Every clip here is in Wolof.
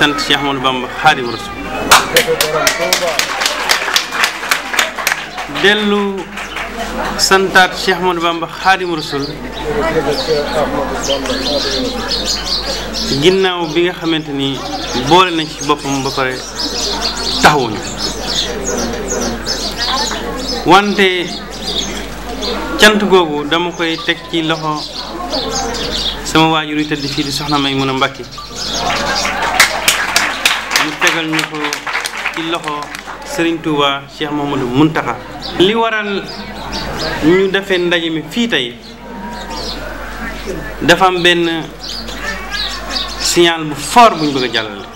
sant Cheikh Ahmadou Bamba Xaadimu Rasuul santaat Cheikh Bamba Xaadimu Rasuul ginnaaw bi nga xamante ni boole nañ ci boppam ba pare taxawuñu wante cant googu dama koy teg ci loxo sama waajur yi tëdd fii di soxna Maymuna Mbàkke tegal ñu ko ci loxo Serigne Touba Cheikh Mamadou Mountakha li waral ñu defee ndaje mi fii tey dafa am benn signal bu fort bu ñu bëgg jàllale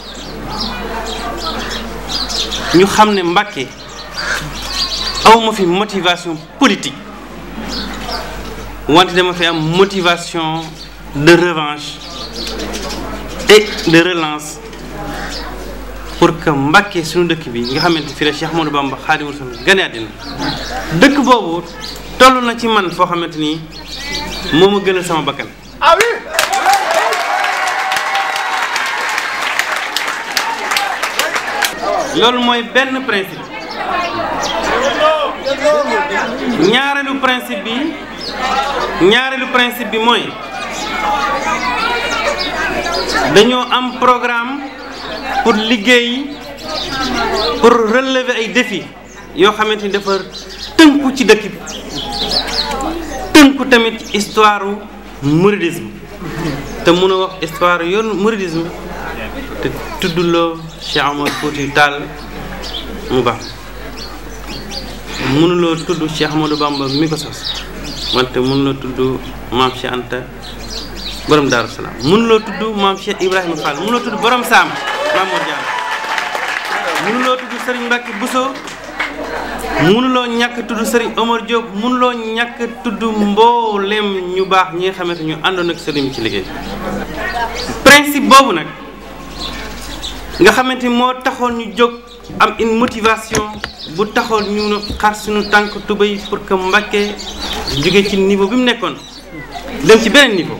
ñu xam ne Mbàkke awma fi motivation politique wante dama fi am motivation de revanche et de relance pour que Mbàkke suñu dëkk bi nga xamante fi la Cheikh Ahmadou Bamba Xaadimu Rasuul gane àddina dëkk boobu toll na ci man foo xamante ni moo ma gënal sama bakkan loolu mooy benn principe ñaareelu principe bi ñaareelu principe bi mooy dañoo am programme pour liggéey pour relever ay défis yoo xamante ni dafa ci dëkk bi tënku tamit histoire mouridisme te mun a wax histoire yoon mouridisme te tudduloo Cheikh Omar Foutiyou Tall mu baax mënuloo tudd Cheikh Ahmadou Bamba mi ko sos wante mënuloo tudd maam Cheikh Anta borom Daaru Salaam tudd maam Cheikh Ibrahima Fall mënuloo tudd borom Saam Mamour Diallo mënuloo tudd Serigne Mbacke Bousso mënuloo ñàkk tudd Serigne Omar Diop mënuloo ñàkk tudd mboolem ñu baax ñi nga xamante ñu àndoon ak Serigne ci liggéey principe boobu nag nga xamante moo taxoon ñu jóg am une motivation bu taxoon ñu xar suñu tànk tubéy pour que Mbacke jóge ci niveau bi mu nekkoon dem ci beneen niveau.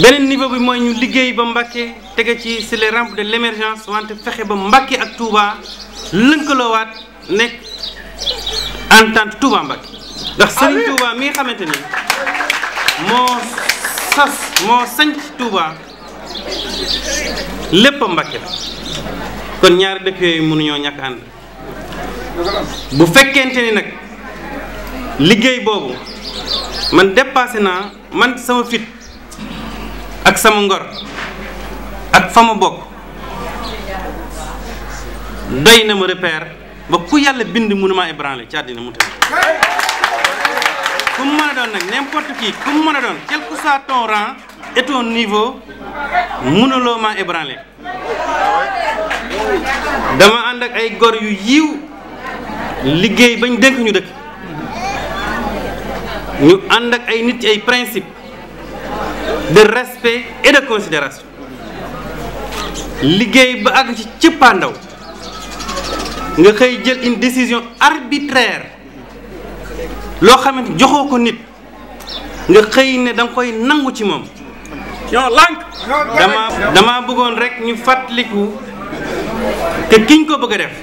beneen niveau bi mooy ñu liggéey ba Mbacké tege ci sur les rampes de l'émergence wante fexe ba Mbacké ak Touba lënkaloowaat nekk entente Touba Mbacké ndax ah Serigne Touba mi nga xamante ni moo sas moo sanc Touba lépp a Mbacké la kon ñaari dëkk yooyu mënuñoo ñàkk ànd bu fekkente ni nag liggéey boobu man dépassé naa man sama fit sama ngor ak fa ma bokk doy na ma repère ba ku yàlla bind mënuma ébranlé ci àddina mu tamit ku mu mën a doon nag n'importe qui ku mu mën a doon quel que soit ton rang niveau mënuloo ma ébranlé dama ànd ak ay gor yu yiw liggéey bañ dénk ñu dëkk ñu ànd ak ay nit ci ay principe de respect et de considération liggéey ba àgg ci cëppaandaw nga xëy jël une décision arbitraire loo xamante joxoo ko nit nga xëy ne da koy nangu ci moom ñoo lànk dama dama bëggoon rek ñu fàttaliku te kiñ ko bëgg a def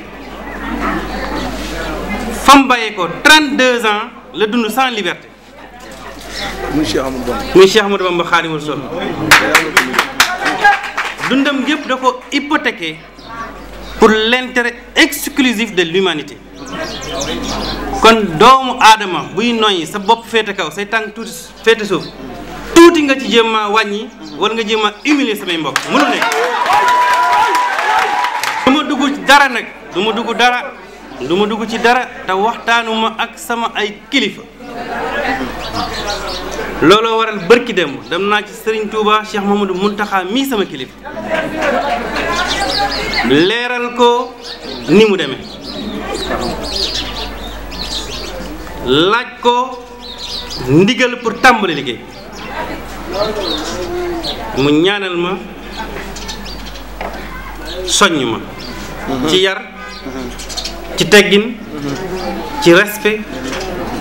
fam bàyyee ko 32 ans la dund sans liberté muy Cheikh Amadou Bamba muy Cheikh Amadou Bamba Xaadimu Rasuul dundam yëpp da ko hypothéqué pour l'intérêt exclusif de l'humanité kon doomu aadama buy noyyi sa bopp féete kaw say tànk tuuti féete suuf tuuti nga ci jéem wàññi wala nga jéem a humilier samay mbokk mënul nekk du dugg ci dara nag du dugg dara du ma dugg ci dara te waxtaanuma ak sama ay kilifa looloo waral bërki demb dem naa ci Serigne Touba Cheikh mun Muntaxa mii sama kilif leeral ko ni mu demee laaj ko ndigal pour tàmbali liggéey mu ñaanal ma soññ ma mhm. ci yar mhm. ci teggin mhm. ci respe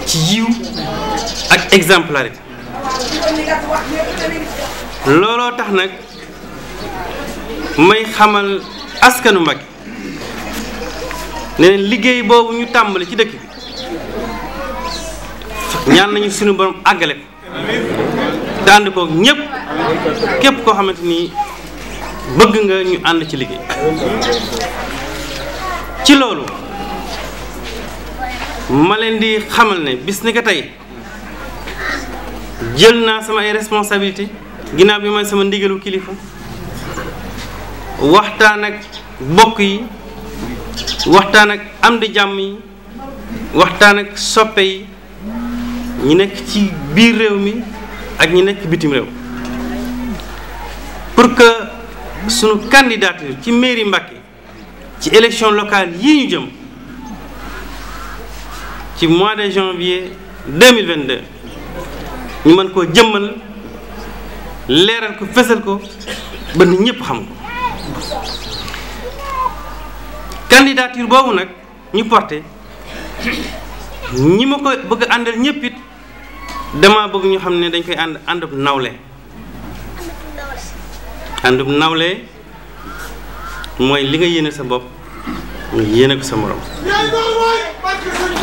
ci yiw ak exemplarité looloo tax nag may xamal askanu mag ne liggéey boobu ñu tàmbali ci dëkk bi ñaan nañu suñu borom àggale ko te ànd koog képp koo xamante ni bëgg nga ñu ànd ci liggéey ci loolu ma leen di xamal ne bis ni ko tey jël naa sama ay responsabilité ginnaaw bi mooy sama ndigalu kilifa waxtaan ak bokk yi waxtaan ak am di jàmm yi waxtaan ak soppe yi ñi nekk ci biir réew mi ak ñu nekk bitim réew pour que sunu candidature ci mairie Mbacké ci élection locale yi ñu jëm ci mois de janvier 2022 ñu mën koo jëmmal leeral ko fësal ko ba nit ñëpp xam ko candidature boobu nag ñu porté ñi ma ko bëgg a àndal ñëpp it dama bëgg ñu xam ne dañ koy ànd àndub nawle àndub nawle mooy li nga yéene sa bopp nga yéene ko sa morom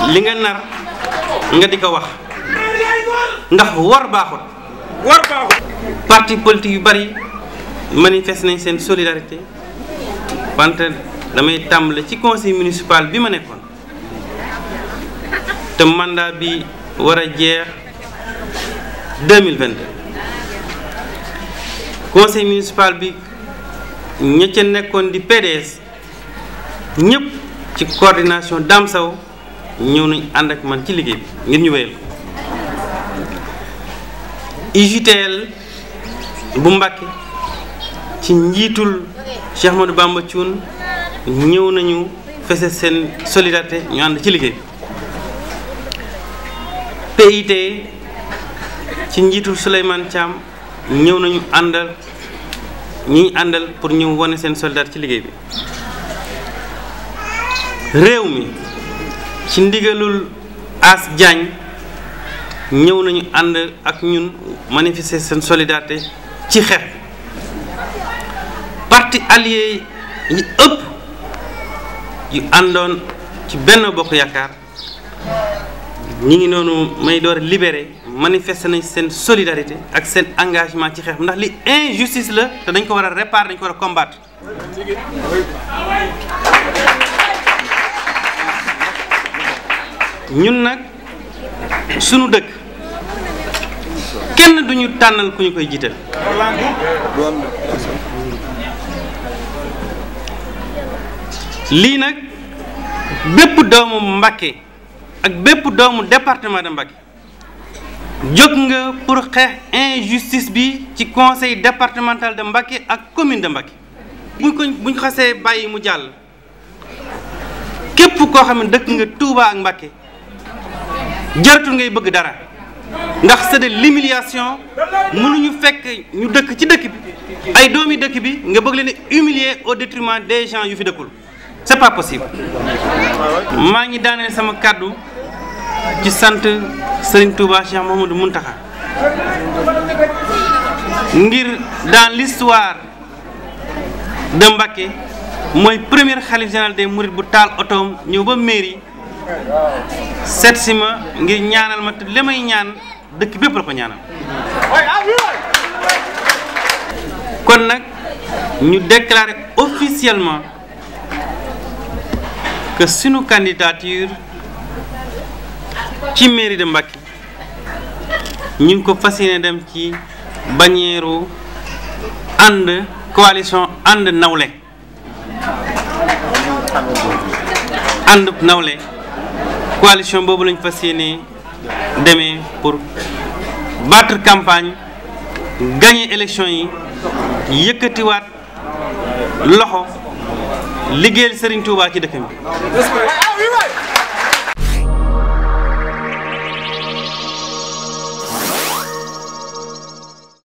li nga nar nga di ko wax ndax war baaxut war baaxut parti politique yu bari manifeste nañ seen solidarité wante damay tàmbale ci conseil municipal bi ma nekkoon te mandat bi war a jeex 2022 conseil municipal bi ña nekkoon di PDS ñëpp ci coordination Dame Sow ñëw nañ ànd ak man ci liggéey bi ngir ñu wéyal ko UJTL bu Mbàkke ci njiitul Cheikh Ahmadou Bamba Thioune ñëw nañu fese seen solidarité ñu ànd ci liggéey PIT ci njiitul Souleymane Thiam ñëw nañu àndal ñi àndal pour ñu wone seen solidarité ci liggéey bi réew mi ci ndigalul As Diagne ñëw nañu ànd ak ñun manifester seen solidarité ci xeex parti allié yi ëpp yu àndoon ci benn bokk yaakaar ñi ngi noonu may door libéré manifester nañ seen solidarité ak seen engagement ci xeex ndax li injustice la te dañ ko war a réparer dañ ko war a combattre ñun nag sunu dëkk kenn duñu tànnal ku ñu koy jiital lii nag bépp doomu Mbacké ak bépp doomu département de Mbacké jóg nga pour xeex injustice bi ci conseil départemental de Mbacké ak commune de Mbacké buñ ko buñ xasee bàyyi mu jàll képp koo xam ne dëkk nga Touba ak Mbacké jaratul ngay bëgg dara ndax c'est de l'humiliation mënuñu fekk ñu dëkk ci dëkk bi ay doomi dëkk bi nga bëgg leen a au détriment des gens yu fi dëkkul c'est pas possible maa ngi daaneel sama kàddu ci sant Serigne Touba Cheikh Mouhamadou Mountakha ngir dans l'histoire de Mbacké mooy premier khalife général des mourides bu taal otoom ñëw ba mairie seet si ma ngir ñaanal ma li may ñaan dëkk bépp la ñaanal kon nag ñu déclarer officiellement que sunu candidature ci mairie de Mbacké ñu ngi ko fas yéene dem ci bañeeru ànd coalition ànd nawle ànd nawle coalition boobu lañu fa yéenee demee pour battre campagne gagner élection yi yëkkatiwaat loxo liggéeyal Serigne Touba ci dëkk bi.